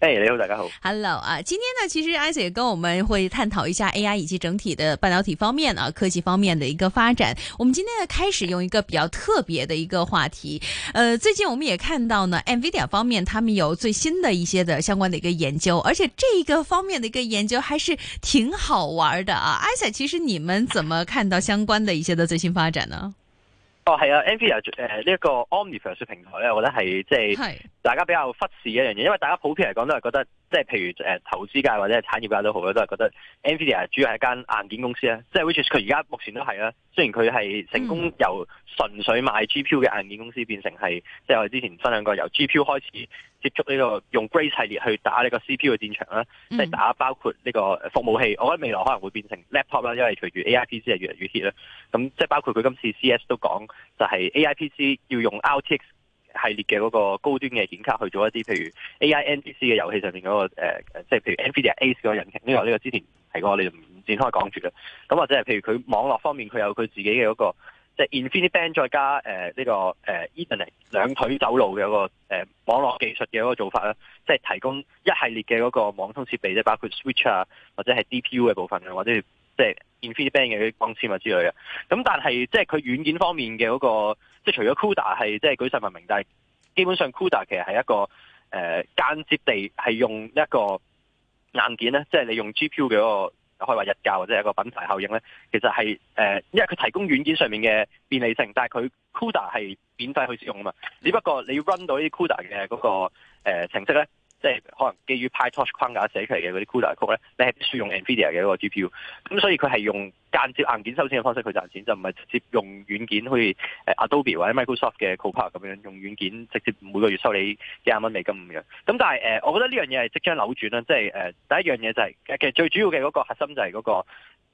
誒，hey，你好，大家好。Hello 啊，今天呢，其實 Isaac 也跟我們會探討一下 AI 以及整體的半導體方面啊，科技方面的一個發展。我們今天開始用一個比較特別的一個話題。呃，最近我們也看到呢，NVIDIA 方面，他們有最新的一些的相關的一個研究，而且這一個方面的一個研究還是挺好玩的啊。Isaac 其實你們怎麼看到相關的一些的最新發展呢？哦，係啊，NVIDIA 誒、呃、呢一、這個 Omniverse 平台呢，我覺得係即係，就是大家比較忽視一樣嘢，因為大家普遍嚟講都係覺得，即係譬如誒投資界或者係產業界都好啦，都係覺得 Nvidia 主要係一間硬件公司啦，即係 which is 佢而家目前都係啦。雖然佢係成功由純粹賣 GPU 嘅硬件公司變成係，嗯、即係我哋之前分享過由 GPU 開始接觸呢、呢個用 Grace 系列去打呢個 CPU 嘅戰場啦，即係、嗯、打包括呢個服務器。我覺得未來可能會變成 Laptop 啦，因為隨住 AIPC 係越嚟越 hit 啦。咁即係包括佢今次 CS 都講就係、是、AIPC 要用 RTX。系列嘅嗰個高端嘅顯卡去做一啲譬如 A I N P C 嘅遊戲上面嗰、那個、呃、即係譬如 Nvidia Ace 的嗰引擎，因為呢個之前提過、那個，我哋就唔展開講住啦。咁或者係譬如佢網絡方面，佢有佢自己嘅嗰、那個即係、就是、Infinite Band 再加誒呢、呃這個、呃、Ethernet 兩腿走路嘅一、那個、呃、網絡技術嘅嗰個做法啦，即係提供一系列嘅嗰個網通設備咧，即包括 Switch 啊或者係 D P U 嘅部分或者。即係 InfiniBand 嘅啲光纖啊之類嘅，咁但係即係佢軟件方面嘅嗰、那個，即、就、係、是、除咗 CUDA 係即係、就是、舉世聞名，但係基本上 CUDA 其實係一個誒、呃、間接地係用一個硬件咧，即、就、係、是、你用 GPU 嘅嗰、那個可以話日教或者係一個品牌效應咧，其實係誒、呃，因為佢提供軟件上面嘅便利性，但係佢 CUDA 係免費去使用啊嘛，只不過你 run 到呢啲 CUDA 嘅嗰、那個誒、呃、程式咧。即係可能基於 PyTorch 框架寫出嚟嘅嗰啲 CUDA code 咧，你係必須用 NVIDIA 嘅嗰個 GPU。咁所以佢係用間接硬件收錢嘅方式去賺錢，就唔係直接用軟件，去 Adobe 或者 Microsoft 嘅 Copilot 咁樣用軟件直接每個月收你幾廿蚊美金咁樣。咁但係我覺得呢樣嘢係即將扭轉啦。即係第一樣嘢就係其實最主要嘅嗰個核心就係嗰個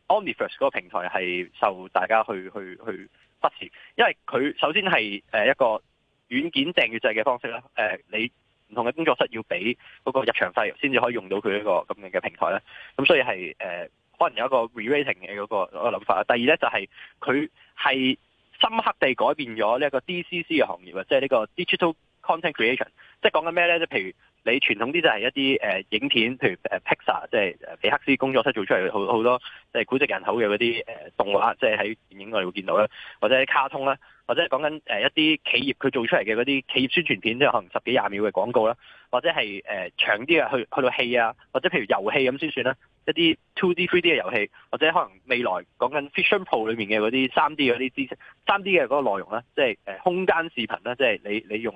Omniverse 嗰個平台係受大家去去去忽視，因為佢首先係一個軟件訂閱制嘅方式啦、啊。你。同嘅工作室要俾嗰個入場費，先至可以用到佢呢個咁樣嘅平台咧。咁所以係、呃、可能有一個 re-rating 嘅嗰個嗰個諗法啦。第二咧就係佢係深刻地改變咗呢一個 DCC 嘅行業啊，即係呢個 digital content creation，即係講緊咩咧？即係譬如。你傳統啲就係一啲誒、呃、影片，譬如 Pixar，即係誒皮克斯工作室做出嚟，好好多即係膾炙人口嘅嗰啲誒動畫，即係喺電影我哋會見到啦，或者喺卡通啦，或者講緊誒一啲企業佢做出嚟嘅嗰啲企業宣傳片，即係可能十幾廿秒嘅廣告啦，或者係誒、呃、長啲嘅去去到戲啊，或者譬如遊戲咁先算啦，一啲 2D、3D 嘅遊戲，或者可能未來講緊 Vision Pro 裏面嘅嗰啲 3D 嗰啲知識，3D 嘅嗰個內容啦，即係呃、空間視頻啦，即係你你用。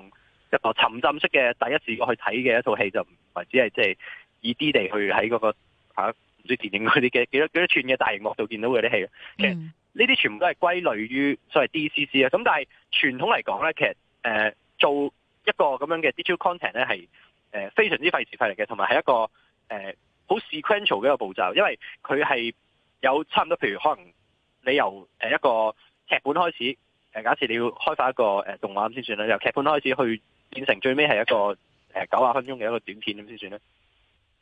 一個沉浸式嘅第一次我去睇嘅一套戲就唔係只係即係以 D 地去喺嗰、那個唔知、啊、電影嗰啲嘅幾多幾多寸嘅大型幕度見到嘅啲戲，嗯、其實呢啲全部都係歸類於所謂 DCC 啊。咁但係傳統嚟講咧，其實誒、呃、做一個咁樣嘅 digital content 咧係誒非常之費時費力嘅，同埋係一個誒好、呃、sequential 嘅一個步驟，因為佢係有差唔多，譬如可能你由誒一個劇本開始，誒、呃、假設你要開發一個誒、呃、動畫咁先算啦，由劇本開始去。變成最尾係一個誒九啊分鐘嘅一個短片咁先算咧。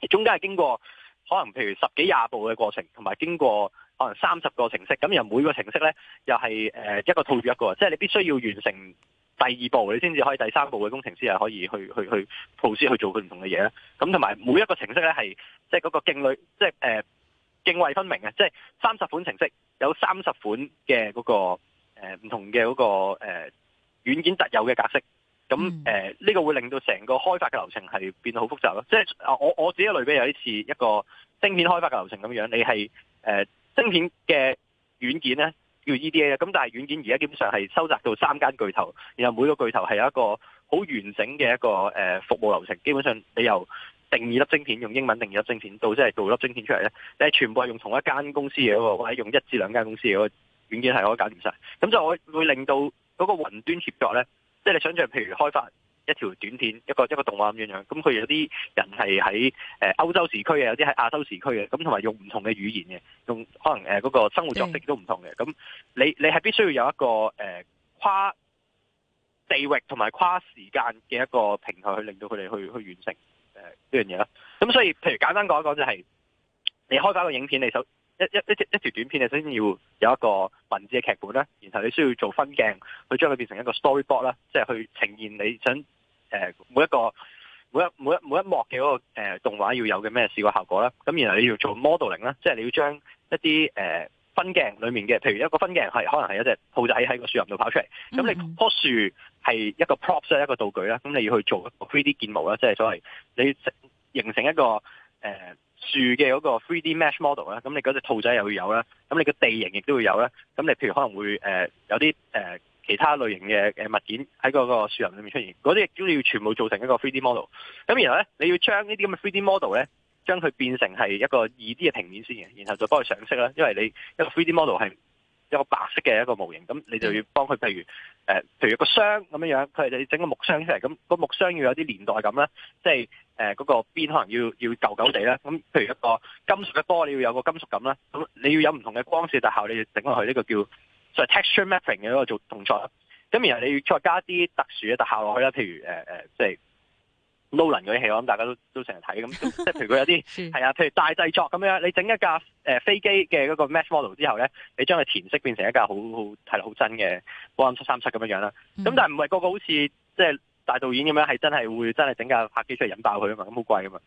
中間係經過可能譬如十幾廿步嘅過程，同埋經過可能三十個程式，咁又每個程式咧又係誒一個套住一個，即係你必須要完成第二步，你先至可以第三步嘅工程師係可以去去去佈施去做佢唔同嘅嘢咧。咁同埋每一個程式咧係即係嗰個涇渭，即係誒涇渭分明嘅，即係三十款程式有三十款嘅嗰個誒唔同嘅嗰個誒軟件特有嘅格式。咁誒呢個會令到成個開發嘅流程係變到好複雜咯，即係啊我我自己類比，有啲似一個晶片開發嘅流程咁樣，你係誒晶片嘅軟件咧叫 EDA，咁但係軟件而家基本上係收窄到三間巨頭，然後每個巨頭係有一個好完整嘅一個誒服務流程，基本上你由定義粒晶片用英文定義粒晶片到即係做粒晶片出嚟咧，你係全部係用同一間公司嘅嗰個或者用一至兩間公司嘅嗰個軟件係可以搞掂晒。咁就我會令到嗰個雲端協作咧。即係你想象譬如開發一條短片，一個一個動畫咁樣樣，咁佢有啲人係喺誒歐洲時區嘅，有啲喺亞洲時區嘅，咁同埋用唔同嘅語言嘅，用可能誒嗰個生活作息都唔同嘅，咁、嗯、你你係必須要有一個、呃、跨地域同埋跨時間嘅一個平台去令到佢哋去去完成誒呢樣嘢啦。咁所以，譬如簡單講一講、就係，就係你開發個影片，你首一一一一條短片，你首先要有一個。文字嘅劇本啦，然後你需要做分鏡，去將佢變成一個 storyboard 啦，即係去呈現你想誒、呃、每一個每一每一每一幕嘅嗰個誒動畫要有嘅咩視覺效果啦。咁然後你要做 modeling 啦，即係你要將一啲誒、呃、分鏡裏面嘅，譬如一個分鏡係可能係一隻兔仔喺喺個樹林度跑出嚟，咁、mm hmm. 你棵樹係一個 props 啦，一個道具啦，咁你要去做一個 three D 建模啦，即係所謂你形成一個誒。呃樹嘅嗰個 3D mesh model 咧，咁你嗰隻兔仔又會有啦，咁你個地形亦都會有啦。咁你譬如可能會誒、呃、有啲誒、呃、其他類型嘅物件喺嗰個樹林裏面出現，嗰啲亦都要全部做成一個 3D model，咁然後咧你要將呢啲咁嘅 3D model 咧，將佢變成係一個二 D 嘅平面先，嘅，然後再幫佢上色啦，因為你一個 3D model 係。一個白色嘅一個模型，咁你就要幫佢，譬如誒、呃，譬如一個箱咁樣樣，佢哋整個木箱出嚟，咁、那個木箱要有啲年代感啦，即係誒嗰個邊可能要要舊舊地啦。咁譬如一個金屬嘅波要有個金屬感啦。咁你要有唔同嘅光線特效，你要整落去呢，這個叫即係 Texture Mapping 嘅一個做動作，咁然後你要再加啲特殊嘅特效落去啦，譬如誒誒，即、呃呃就是 Nolan 嗰啲戲，我諗大家都都成日睇咁，即係譬如佢有啲係 啊，譬如大製作咁樣，你整一架誒、呃、飛機嘅嗰個 match model 之後咧，你將佢填色變成一架好好睇落好真嘅波音七三七咁樣樣啦。咁但係唔係個個好似即係大導演咁樣，係真係會真係整架客機出嚟引爆佢啊嘛，咁好貴㗎嘛。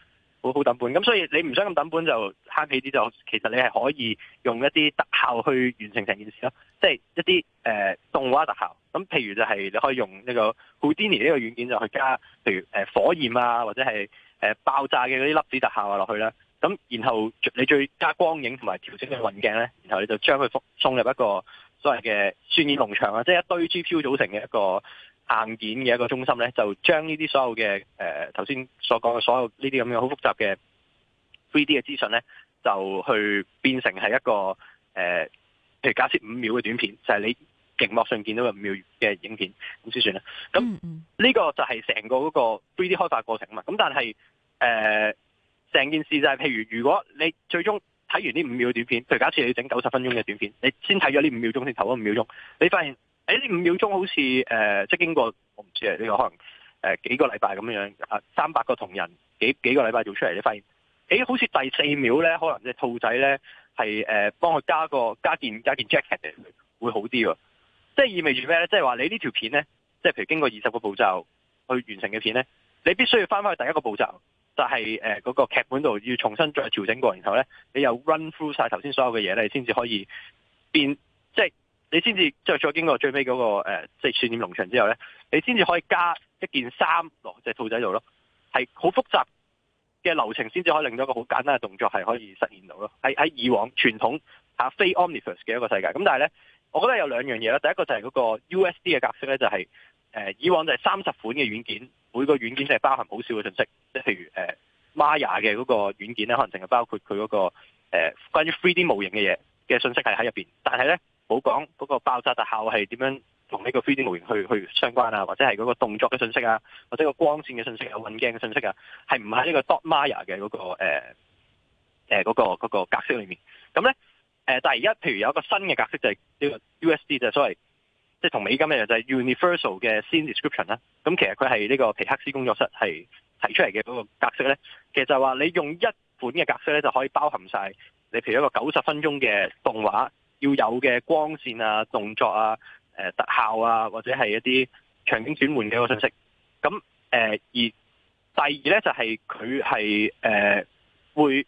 好好等本，咁所以你唔想咁等本就慳起啲，就其實你係可以用一啲特效去完成成件事啦。即係一啲誒、呃、動畫特效，咁譬如就係你可以用呢個 Houdini 呢個軟件就去加，譬如火焰啊，或者係、呃、爆炸嘅嗰啲粒子特效啊落去啦。咁然後你再加光影同埋調整嘅運鏡呢，然後你就將佢送入一個所謂嘅渲染農場啊，即、就、係、是、一堆 GPU 組成嘅一個硬件嘅一個中心咧，就將呢啲所有嘅誒頭先所講嘅所有呢啲咁樣好複雜嘅 3D 嘅資訊咧，就去變成係一個誒、呃、譬如假設五秒嘅短片，就係、是、你熒幕上見到嘅五秒嘅影片咁先算啦。咁呢、這個就係成個嗰個 3D 開發過程啊嘛。咁但係誒成件事就係、是、譬如，如果你最終睇完呢五秒短片，譬如假設你要整九十分鐘嘅短片，你先睇咗呢五秒鐘，先投咗五秒鐘，你發現。喺呢五秒鐘好似誒、呃，即係經過我唔知啊，呢、這個可能誒、呃、幾個禮拜咁樣啊，三百個同仁幾幾個禮拜做出嚟，你發現喺、哎、好似第四秒咧，可能隻兔仔咧係誒幫佢加個加件加件 jacket 會會好啲喎。即係意味住咩咧？即係話你條呢條片咧，即係譬如經過二十個步驟去完成嘅片咧，你必須要翻返去第一個步驟，就係誒嗰個劇本度要重新再調整過，然後咧你又 run through 晒頭先所有嘅嘢咧，先至可以變即係。你先至就再經過最尾嗰、那個即係渲染農場之後咧，你先至可以加一件衫落隻兔仔度咯，係好複雜嘅流程先至可以令到一個好簡單嘅動作係可以實現到咯。喺喺以往傳統下非 Omniverse 嘅一個世界，咁但係咧，我覺得有兩樣嘢啦。第一個就係嗰個 USD 嘅格式咧，就係、是呃、以往就係三十款嘅軟件，每個軟件就係包含好少嘅信息，即係譬如誒、呃、Maya 嘅嗰個軟件咧，可能淨係包括佢嗰、那個誒、呃、關於 3D 模型嘅嘢嘅信息係喺入邊，但係咧。冇講嗰個爆炸特效係點樣同呢個飛機模型去去相關啊，或者係嗰個動作嘅信息啊，或者個光線嘅信息啊、運鏡嘅信息啊，係唔係呢個 dot Maya 嘅嗰個嗰嗰、呃呃嗰個嗰個、格式裏面。咁咧誒，但係而家譬如有一個新嘅格式就係呢個 USD，就係所謂即係同美金一樣就係 Universal 嘅 Scene Description 啦。咁其實佢係呢個皮克斯工作室係提出嚟嘅嗰個格式咧，其實就係話你用一款嘅格式咧就可以包含晒你譬如一個九十分鐘嘅動畫。要有嘅光線啊、動作啊、誒、呃、特效啊，或者係一啲場景轉換嘅個信息。咁誒、呃，而第二咧就係佢係誒會，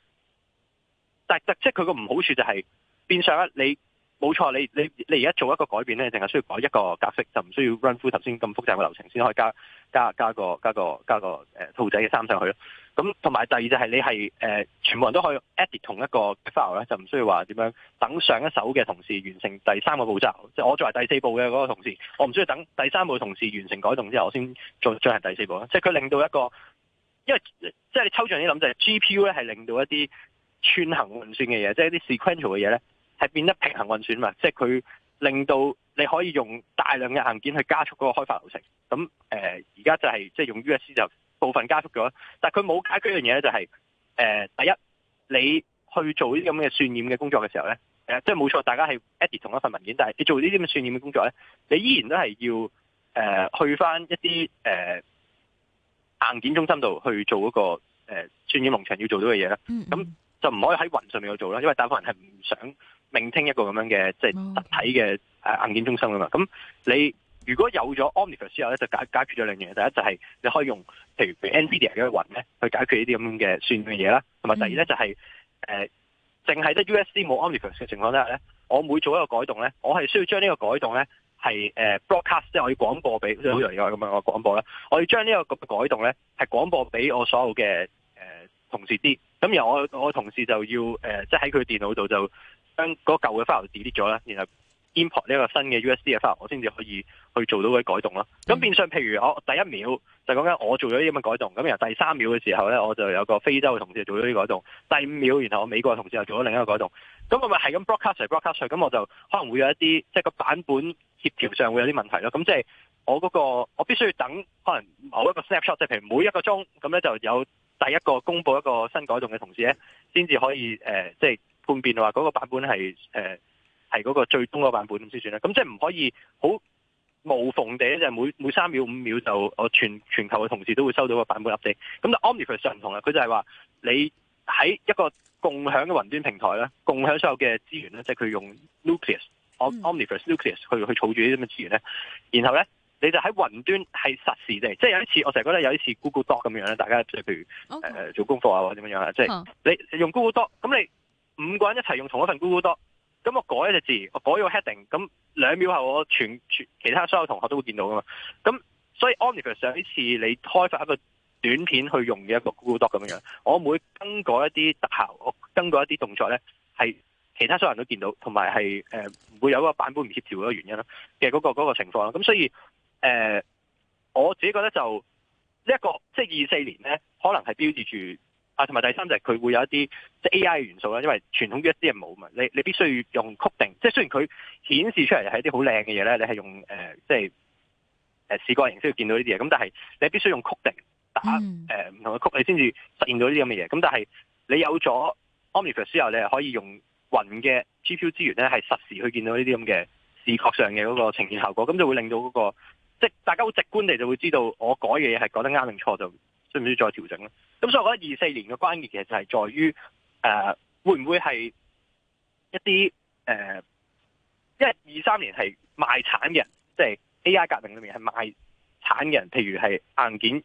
但即係佢個唔好處就係、是、變相咧你。冇錯，你你你而家做一個改變咧，淨係需要改一個格式，就唔需要 run through 頭先咁複雜嘅流程先可以加加加個加個加個誒、呃、兔仔嘅衫上去咯。咁同埋第二就係你係誒、呃、全部人都可以 edit 同一個 file 咧，就唔需要話點樣等上一手嘅同事完成第三個步驟，即、就、係、是、我作為第四步嘅嗰個同事，我唔需要等第三步同事完成改動之後，我先做再係第四步咯。即係佢令到一個，因為即係、就是、你抽象啲諗就係、是、GPU 咧，係令到一啲串行運算嘅嘢，即、就、係、是、一啲 sequential 嘅嘢咧。係變得平行運算嘛？即係佢令到你可以用大量嘅硬件去加速嗰個開發流程。咁誒，而、呃、家就係、是、即係用 U.S.C. 就部分加速咗，但係佢冇解決一樣嘢咧、就是，就係誒第一，你去做啲咁嘅渲染嘅工作嘅時候咧、呃，即係冇錯，大家係 edit 同一份文件，但係你做呢啲咁嘅渲染嘅工作咧，你依然都係要誒、呃、去返一啲誒、呃、硬件中心度去做嗰、那個誒渲染農場要做到嘅嘢啦，咁就唔可以喺雲上面去做啦，因為大部分人係唔想。聆聽一個咁樣嘅即係實體嘅誒有、啊、硬件中心啊嘛，咁你如果有咗 Omniverse 之後咧，就解解決咗兩樣嘢，第一就係你可以用，譬如譬如 NVIDIA 嘅雲咧，去解決呢啲咁樣嘅算嘅嘢啦，同埋第二咧就係誒淨係得 US、嗯 呃、D 冇 Omniverse 嘅情況之下咧，我每做一個改動咧，我係需要將呢個改動咧係誒 broadcast，即係我要廣播俾，好容易咁樣個廣播啦。我要將呢個改動咧係廣播俾我所有嘅誒、呃、同事啲，咁而我我同事就要誒、呃、即係喺佢電腦度就。將嗰舊嘅 file delete 咗啦，然後 import 呢個新嘅 USD 嘅 file，我先至可以去做到嗰啲改動咯。咁變相譬如我第一秒就講緊我做咗啲乜改動，咁然後第三秒嘅時候咧，我就有個非洲嘅同事做咗啲改動，第五秒然後我美國嘅同事又做咗另一個改動，咁我咪係咁 broadcast，broadcast 咁我就，我就可能會有一啲即係個版本協調上會有啲問題咯。咁即係我嗰個我必須要等可能某一個 snapshot，即係譬如每一個鐘咁咧就有第一個公佈一個新改動嘅同事咧，先至可以、呃、即係判別啊！話嗰、那個版本係誒係嗰個最終個版本咁先算啦。咁即係唔可以好無縫地咧，就係、是、每每三秒五秒就我全全球嘅同事都會收到個版本 update。咁 Om 就 Omniverse s 唔同啦。佢就係話你喺一個共享嘅雲端平台咧，共享所有嘅資源咧，即係佢用 Nucleus、嗯、Omniverse、Nucleus 去去儲住啲咁嘅資源咧。然後咧，你就喺雲端係實時地。即、就、係、是、有一次我成日覺得有一次 Google Doc 咁樣咧，大家即譬如誒、呃、做功課啊或者點樣即係、就是、你用 Google Doc 咁你。五個人一齊用同一份 Google Doc，咁我改一隻字，我改咗 heading，咁兩秒後我全全其他所有同學都會見到噶嘛。咁所以 Omniverse 上一次你開發一個短片去用嘅一個 Google Doc 咁樣，我每更改一啲特效，更改一啲動作呢係其他所有人都見到，同埋係唔會有個版本唔協調嘅原因啦，嘅嗰、那個嗰、那個情況啦。咁所以誒、呃，我自己覺得就呢一、這個即係二四年呢，可能係標誌住。啊，同埋第三就係佢會有一啲即係 A.I. 元素啦，因為傳統嘅一啲嘢冇嘛，你你必須要用曲定，即係雖然佢顯示出嚟係一啲好靚嘅嘢咧，你係用誒即係誒視覺形式見到呢啲嘢，咁但係你必須用曲定打誒唔同嘅曲，你先至、呃呃呃、實現到呢啲咁嘅嘢。咁、嗯、但係你有咗 Omniverse 之後，你係可以用雲嘅 G.P.U. 資源咧，係實時去見到呢啲咁嘅視覺上嘅嗰個呈現效果，咁就會令到嗰、那個即係大家好直觀地就會知道我改嘅嘢係改得啱定錯就。需唔需要再調整咧？咁所以我覺得二四年嘅關鍵其實就係在於誒，會唔會係一啲誒，因為二三年係賣鏟嘅人，即係 AI 革命裏面係賣鏟嘅人，譬如係硬件，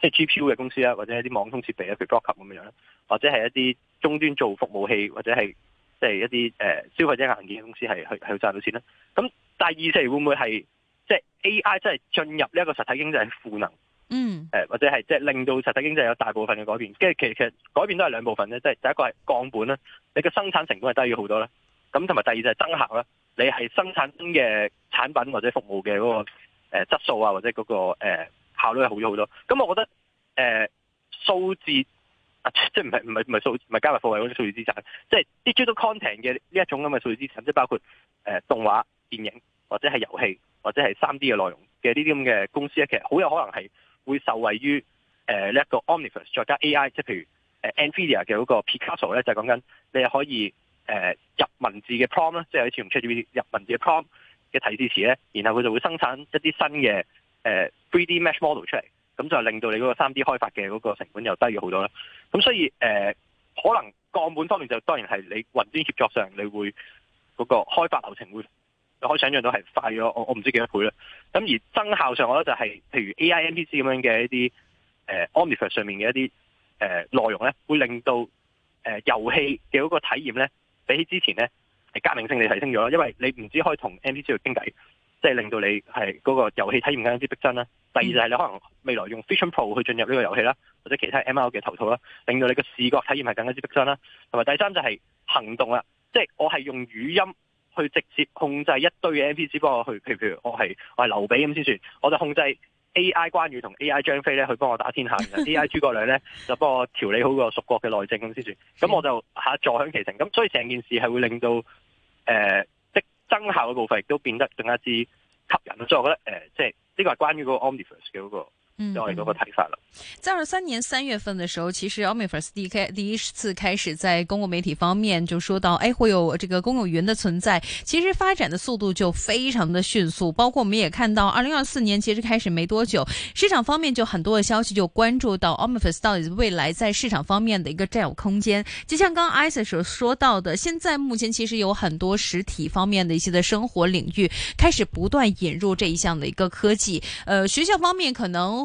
即係 GPU 嘅公司啦，或者是一啲網通設備啊，譬如 block 咁樣咧，或者係一啲終端做服務器，或者係即係一啲誒消費者硬件嘅公司係去去賺到錢咧。咁但係二四年會唔會係即係 AI 真係進入呢一個實體經濟賦能？嗯，誒或者係即係令到實體經濟有大部分嘅改變，跟住其實其實改變都係兩部分咧，即係第一個係降本啦，你嘅生產成本係低咗好多啦，咁同埋第二就係增效啦，你係生產嘅產品或者服務嘅嗰個誒質素啊，或者嗰個誒效率係好咗好多。咁我覺得誒數字啊，即係唔係唔係唔係數唔係加密貨幣嗰啲數字資產，即係 Digital content 嘅呢一種咁嘅數字資產，即係包括誒動畫、電影或者係遊戲或者係三 D 嘅內容嘅呢啲咁嘅公司咧，其實好有可能係，會受惠於誒呢、呃、一個 Omniverse 再加 AI，即係譬如誒 NVIDIA 嘅嗰個 Picasso 咧，就係講緊你可以誒、呃、入文字嘅 prompt 即係好似用 ChatGPT 入文字嘅 prompt 嘅提示詞咧，然後佢就會生產一啲新嘅誒、呃、3D mesh model 出嚟，咁就令到你嗰個三 D 開發嘅嗰個成本又低咗好多啦。咁所以誒、呃，可能降本方面就當然係你雲端協作上，你會嗰個開發流程會。你可以想象到係快咗我我唔知幾多倍啦。咁而增效上、就是，我覺得就係譬如 A I N P C 咁樣嘅一啲誒、呃、o m n i f e 上面嘅一啲誒、呃、內容咧，會令到誒、呃、遊戲嘅嗰個體驗咧，比起之前咧係革命性地提升咗。因為你唔止可以同 N P C 去傾偈，即、就、係、是、令到你係嗰個遊戲體驗更加之逼真啦。第二就係你可能未來用 Vision Pro 去進入呢個遊戲啦，或者其他 M R 嘅頭套啦，令到你嘅視覺體驗係更加之逼真啦。同埋第三就係行動啦，即、就、係、是、我係用語音。去直接控制一堆嘅 NPC 幫我去，譬如譬如我係我係劉備咁先算，我就控制 AI 關羽同 AI 張飛咧去幫我打天下，然 AI 諸葛亮咧就幫我調理好個蜀國嘅內政咁先算，咁我就吓坐享其成。咁所以成件事係會令到誒、呃，即增效嘅部分亦都變得更加之吸引。所以我覺得誒、呃，即係呢、這個係關於個 Omniverse 嘅嗰、那個。 嗯，嗯，另外一個太厲害了。在二三年三月份的時候，其實 o m i f i r s D K 第一次開始在公共媒體方面就說到，哎，會有這個公有雲的存在。其實發展的速度就非常的迅速，包括我們也看到，二零二四年其實開始沒多久，市場方面就很多的消息就關注到 o m i f i r s 到底未來在市場方面的一個占有空間。就像剛剛 Isa 所說到的，現在目前其實有很多實體方面的一些的生活領域開始不斷引入這一項的一個科技。呃，學校方面可能。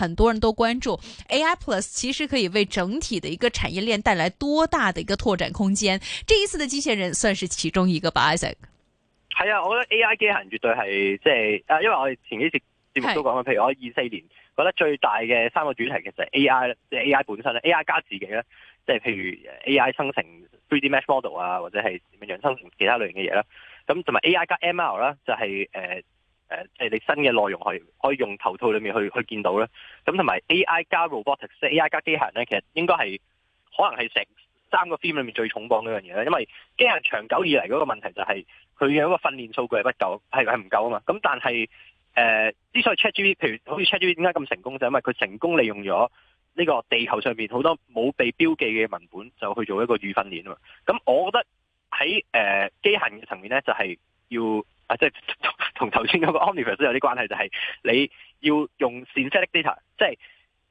很多人都關注 AI Plus，其實可以為整體的一個產業鏈帶來多大的一個拓展空間？這一次的機械人算是其中一個吧？Isaac 係啊，我覺得 AI 機械人絕對係即係啊，因為我哋前幾節節目都講啦，是譬如我二四年覺得最大嘅三個主題其實係 AI，即係 AI 本身咧，AI 加自己咧，即係譬如 AI 生成 three D match model 啊，或者係點樣生成其他類型嘅嘢啦。咁同埋 AI 加 ML 啦、就是，就係誒。誒即你新嘅內容係可，可以用頭套裏面去去見到咧，咁同埋 A.I. 加 robotics，A.I. 加機械咧，其實應該係可能係成三個 film 裏裏面最重磅嗰樣嘢，因為機械長久以嚟嗰個問題就係、是、佢一個訓練數據係不夠係係唔夠啊嘛。咁但係誒之所以 ChatGPT，譬如好似 ChatGPT 點解咁成功就係因為佢成功利用咗呢個地球上邊好多冇被標記嘅文本就去做一個預訓練啊。咁我覺得喺誒、呃、機械嘅層面咧，就係、是、要。即係同頭先嗰個 Universe 都有啲關係，就係、係、你要用 synthetic data，即係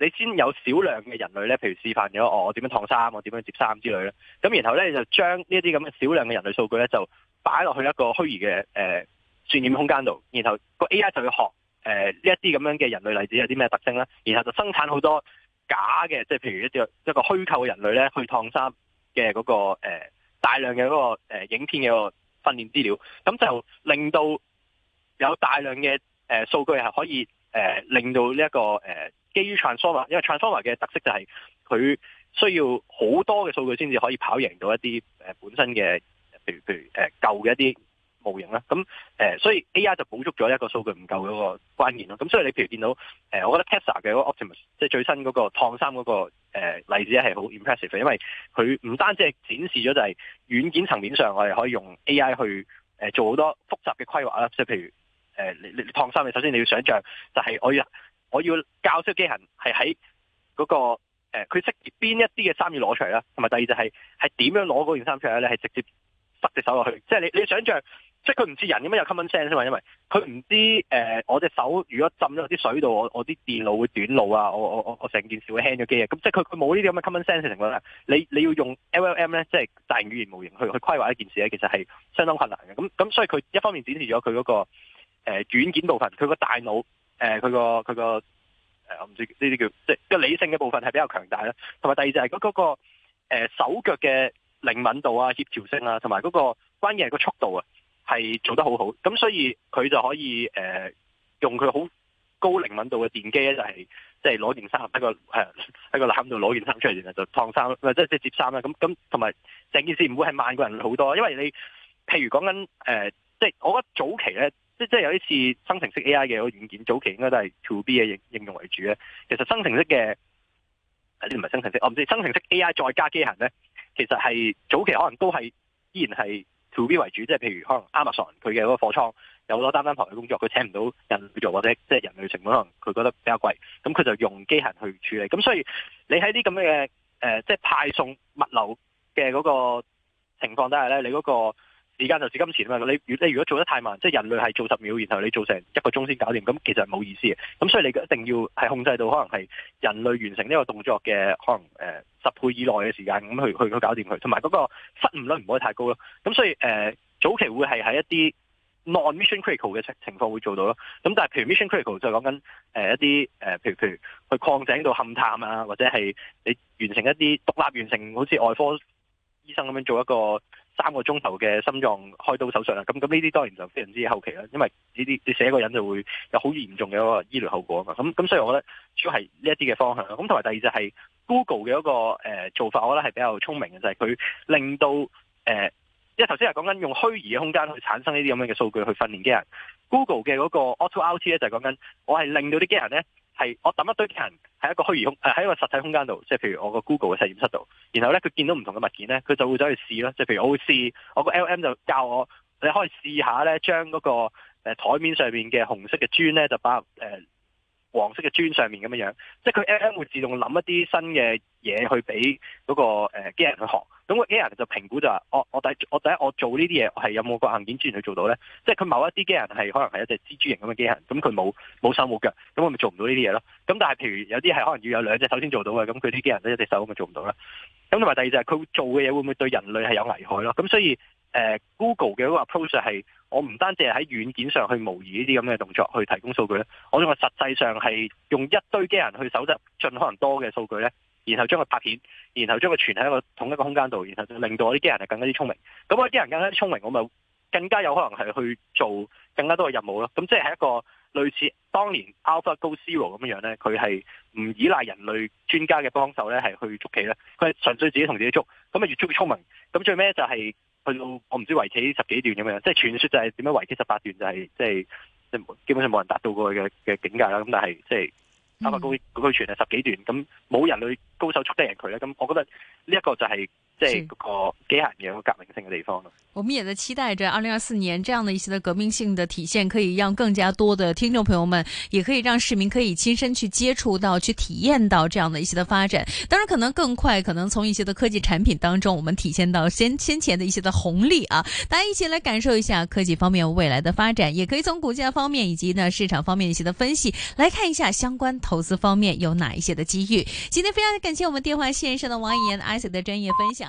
你先有少量嘅人類咧，譬如示範咗我點樣燙衫、我點樣接衫之類咧。咁然後咧，你就將呢一啲咁嘅少量嘅人類數據咧，就擺落去一個虛擬嘅誒渲染空間度，然後個 AI 就要學誒呢一啲咁樣嘅人類例子有啲咩特徵啦，然後就生產好多假嘅，即係譬如一隻一個虛構嘅人類咧去燙衫嘅嗰個、呃、大量嘅嗰、嗰個、呃、影片嘅、嗰個訓練資料，咁就令到有大量嘅數據係可以令到呢一個基於 Transformer，因為 Transformer 嘅特色就係佢需要好多嘅數據先至可以跑贏到一啲本身嘅，譬如譬如舊嘅一啲模型啦，咁誒、呃，所以 A.I. 就補足咗一個數據唔夠嗰個關鍵咯。咁所以你譬如見到誒、呃，我覺得 Tesla 嘅 Optimus，即係最新嗰、那個燙衫嗰個、呃、例子咧，係好 impressive，因為佢唔單止係展示咗，就係軟件層面上我哋可以用 A.I. 去誒、呃、做好多複雜嘅規劃啦。即係譬如誒、呃，你你燙衫，你，你燙衫，首先你要想像就係我要我要教識機械人係喺嗰個佢識邊一啲嘅衫要攞出嚟啦，同埋第二就係係點樣攞嗰件衫出嚟咧，係直接塞隻手落去。即、就、係、是、你你想象。即係佢唔似人咁樣有 common sense，因為因為佢唔知誒、呃，我隻手如果浸咗喺啲水度，我我啲電腦會短路啊，我我我我成件事會 hang 咗機啊。咁即係佢佢冇呢啲咁嘅 common sense 嘅情況咧，你你要用 LLM 咧，即係大型語言模型去去規劃一件事咧，其實係相當困難嘅。咁咁所以佢一方面展示咗佢嗰個誒、呃、軟件部分，佢個大腦誒佢個佢個誒我唔知呢啲叫即係個理性嘅部分係比較強大啦。同埋第二就係嗰、嗰個、呃、手腳嘅靈敏度啊、協調性啊，同埋嗰個關鍵係個速度啊。係做得好好，咁所以佢就可以誒、呃、用佢好高靈敏度嘅電機咧，就係即係攞件衫喺個誒、呃、一個籃度攞件衫出嚟，然後就熨衫，即係即係摺衫啦。咁咁同埋成件事唔會係慢過人好多，因為你譬如講緊誒，即、呃、係、就是、我覺得早期咧，即即係有一次生成式 AI 嘅個軟件早期應該都係 to B 嘅應,應用為主咧。其實生成式嘅呢啲唔係生成式，我唔知生成式 AI 再加機械咧，其實係早期可能都係依然係。to B 為主，即係譬如可能 Amazon 佢嘅嗰個貨倉有好多單單旁嘅工作，佢請唔到人去做，或者即係人力成本可能佢覺得比較貴，咁佢就用機械去處理。咁所以你喺啲咁嘅誒，即係派送物流嘅嗰個情況底下咧，你嗰、嗰個。時間就係金錢啊嘛！你如你如果做得太慢，即係人類係做十秒，然後你做成一個鐘先搞掂，咁其實冇意思嘅。咁所以你一定要係控制到可能係人類完成呢個動作嘅可能誒、呃、十倍以內嘅時間，咁去去搞掂佢。同埋嗰個失誤率唔可以太高咯。咁所以誒、呃，早期會係喺一啲 non-mission-critical 嘅情況會做到咯。咁但係譬如 mission-critical 就係講緊誒一啲誒、呃，譬如譬如去礦井度勘探啊，或者係你完成一啲獨立完成，好似外科醫生咁樣做一個。三個鐘頭嘅心臟開刀手術，咁咁呢啲當然就非常之後期啦，因為呢啲你死一個人就會有好嚴重嘅一個醫療後果。咁咁所以我覺得主要係呢一啲嘅方向，咁同埋第二就係 Google 嘅一個、呃、做法，我覺得係比較聰明嘅就係佢令到誒，即係頭先係講緊用虛擬嘅空間去產生呢啲咁樣嘅數據去訓練機人。Google 嘅嗰個 AutoRT 咧就係講緊我係令到啲機人咧。係我抌一堆啲人喺一個虛擬空，誒、呃、喺一個實體空間度，即係譬如我個 Google 嘅實驗室度，然後咧佢見到唔同嘅物件咧，佢就會走去試咯，即係譬如我會試我個 LM 就教我，你可以試下咧，將嗰、那個誒台、呃、面上面嘅紅色嘅磚咧，就把誒。呃黃色嘅磚上面咁樣樣，即係佢 AI 會自動諗一啲新嘅嘢去俾嗰個誒機器人去學，咁個機器人就評估就話：我我第一我第一我做呢啲嘢係有冇個硬件資源去做到咧？即係佢某一啲機械人係可能係一隻蜘蛛型咁嘅機械人，咁佢冇冇手冇腳，咁我咪做唔到呢啲嘢咯。咁但係譬如有啲係可能要有兩隻手先做到嘅，咁佢啲機器人都一隻手咁咪做唔到啦。咁同埋第二就係、是、佢做嘅嘢會唔會對人類係有危害咯？咁所以誒、呃、Google 嘅嗰個 approach 係。我唔單止係喺軟件上去模擬呢啲咁嘅動作去提供數據咧，我仲係實際上係用一堆機人去搜集盡可能多嘅數據咧，然後將佢拍片，然後將佢傳喺一個統一個空間度，然後令到我啲機人係更加之聰明。咁啊，啲人更加聰明，我咪更加有可能係去做更加多嘅任務咯。咁即係係一個類似當年 AlphaGo Zero 咁樣樣咧，佢係唔依賴人類專家嘅幫手咧，係去捉棋咧，佢係純粹自己同自己捉。咁啊，越捉越聰明。咁最尾就係。去到我唔知圍棋十幾段咁樣，即係傳說就係點樣圍棋十八段就係即係即係基本上冇人達到過嘅嘅境界啦。咁但係即係拍賣公司佢傳係十幾段，咁冇人類高手出得贏佢咧。咁我覺得呢一個就係。 即個嗰個有革命性的地方呢。是我們也在期待着二零二四年這樣的一些的革命性的體現，可以讓更加多的聽眾朋友們，也可以讓市民可以親身去接觸到、去體驗到這樣的一些的發展。當然可能更快，可能從一些的科技產品當中，我們體現到先先前的一些的紅利啊！大家一起來感受一下科技方面未來的發展，也可以從股價方面以及呢市場方面一些的分析，來看一下相關投資方面有哪一些的機遇。今天非常感謝我們電話綫上的王以言阿 s i 的專業分享。